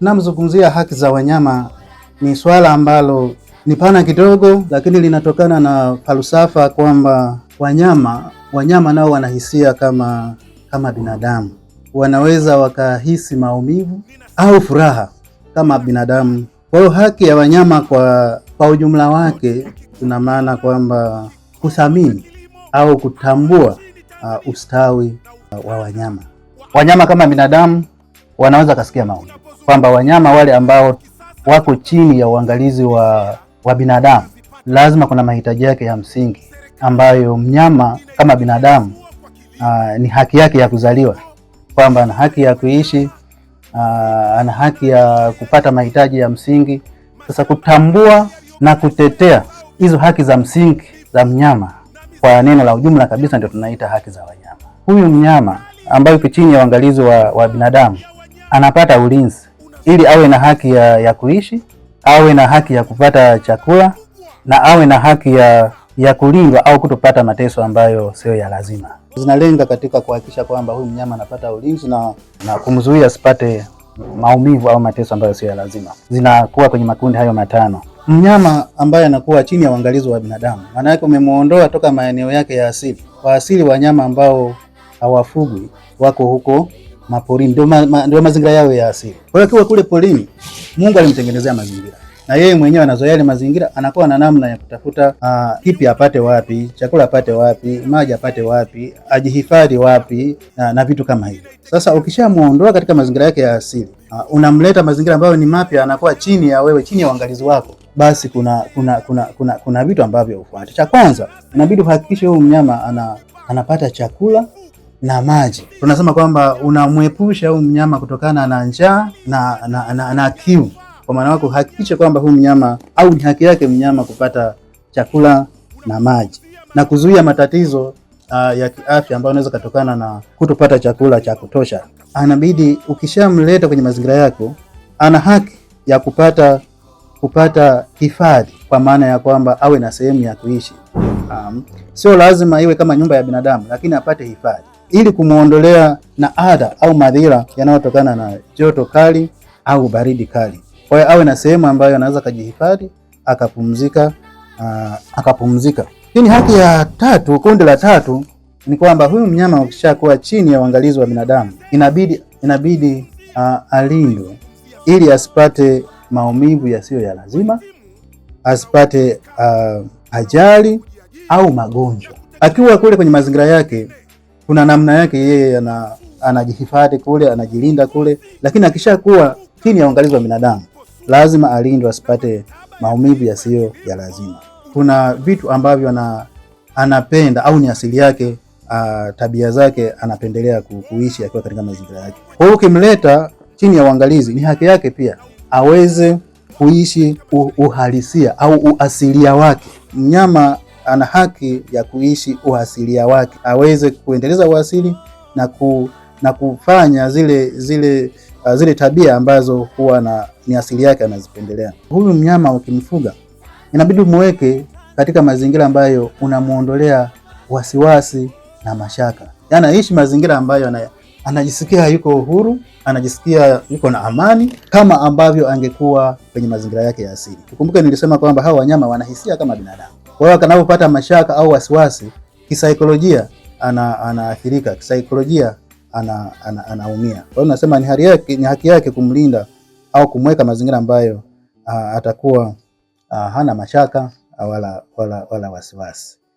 namzungumzia haki za wanyama ni swala ambalo ni pana kidogo, lakini linatokana na falsafa kwamba wanyama wanyama nao wanahisia kama kama binadamu, wanaweza wakahisi maumivu au furaha kama binadamu. Kwa hiyo haki ya wanyama kwa kwa ujumla wake, tuna maana kwamba kuthamini au kutambua uh, ustawi uh, wa wanyama. Wanyama kama binadamu wanaweza kasikia maumivu kwamba wanyama wale ambao wako chini ya uangalizi wa, wa binadamu lazima kuna mahitaji yake ya msingi ambayo mnyama kama binadamu aa, ah, ni haki yake ya kuzaliwa kwamba ana haki ya kuishi ah, ana haki ya kupata mahitaji ya msingi. Sasa kutambua na kutetea hizo haki za msingi za mnyama kwa neno la ujumla kabisa ndio tunaita haki za wanyama. Huyu mnyama ambayo iko chini ya uangalizi wa, wa binadamu anapata ulinzi ili awe na haki ya, ya kuishi, awe na haki ya kupata chakula na awe na haki ya, ya kulindwa au kutopata mateso ambayo sio ya lazima. Zinalenga katika kuhakikisha kwamba huyu mnyama anapata ulinzi na, na kumzuia asipate maumivu au mateso ambayo sio ya lazima. Zinakuwa kwenye makundi hayo matano. Mnyama ambaye anakuwa chini ya uangalizi wa binadamu, maana yake umemuondoa toka maeneo yake ya asili. Kwa asili wanyama ambao hawafugwi wako huko maporini, ndio ma, ndio mazingira yao ya asili. Kwa hiyo akiwa kule porini, Mungu alimtengenezea mazingira na yeye mwenyewe anazoea ile mazingira, anakuwa na namna ya kutafuta uh, kipi apate wapi, chakula apate wapi, maji apate wapi, ajihifadhi wapi na, na vitu kama hivyo. Sasa ukishamuondoa katika mazingira yake ya asili uh, unamleta mazingira ambayo ni mapya, anakuwa chini ya wewe, chini ya uangalizi wako, basi kuna kuna kuna kuna, kuna vitu ambavyo ufuate. Cha kwanza inabidi uhakikishe huyu mnyama ana, anapata chakula na maji. Tunasema kwamba unamwepusha huyu mnyama kutokana na njaa na, na, na, na kiu. Kwa maana wako hakikisha kwamba huyu mnyama au ni haki yake mnyama kupata chakula na maji na kuzuia matatizo Uh, ya kiafya ambayo inaweza kutokana na kutopata chakula cha kutosha. Anabidi ukishamleta kwenye mazingira yako, ana haki ya kupata kupata hifadhi, kwa maana ya kwamba awe na sehemu ya kuishi. Um, sio lazima iwe kama nyumba ya binadamu, lakini apate hifadhi ili kumwondolea na adha au madhira yanayotokana na joto kali au baridi kali. Kwa hiyo awe na sehemu ambayo anaweza kujihifadhi akapumzika, uh, akapumzika. Lakini haki ya tatu, kundi la tatu ni kwamba huyu mnyama ukishakuwa chini ya uangalizi wa binadamu inabidi, inabidi uh, alindwe ili asipate maumivu yasiyo ya lazima, asipate uh, ajali au magonjwa akiwa kule kwenye mazingira yake kuna namna yake yeye ana, anajihifadhi kule anajilinda kule, lakini akishakuwa chini ya uangalizi wa binadamu lazima alindwe asipate maumivu yasiyo ya lazima. Kuna vitu ambavyo ana, anapenda au ni asili yake a, ah, tabia zake anapendelea kuishi akiwa katika mazingira yake. Kwa hiyo ukimleta chini ya uangalizi, ni haki yake pia aweze kuishi uhalisia au uasilia wake. Mnyama ana haki ya kuishi uasilia wake, aweze kuendeleza uasili na, ku, na kufanya zile zile uh, zile tabia ambazo huwa na ni asili yake anazipendelea. Huyu mnyama ukimfuga, inabidi umweke katika mazingira ambayo unamuondolea wasiwasi na mashaka, yaani aishi mazingira ambayo na, anajisikia yuko uhuru, anajisikia yuko na amani kama ambavyo angekuwa kwenye mazingira yake ya asili. Tukumbuke nilisema kwamba hawa wanyama wana hisia kama binadamu. Kwa hiyo akanapopata mashaka au wasiwasi, kisaikolojia anaathirika, ana kisaikolojia anaumia, ana, ana kwa hiyo nasema ni, ni haki yake kumlinda au kumweka mazingira ambayo uh, atakuwa uh, hana mashaka wala, wala, wala wasiwasi.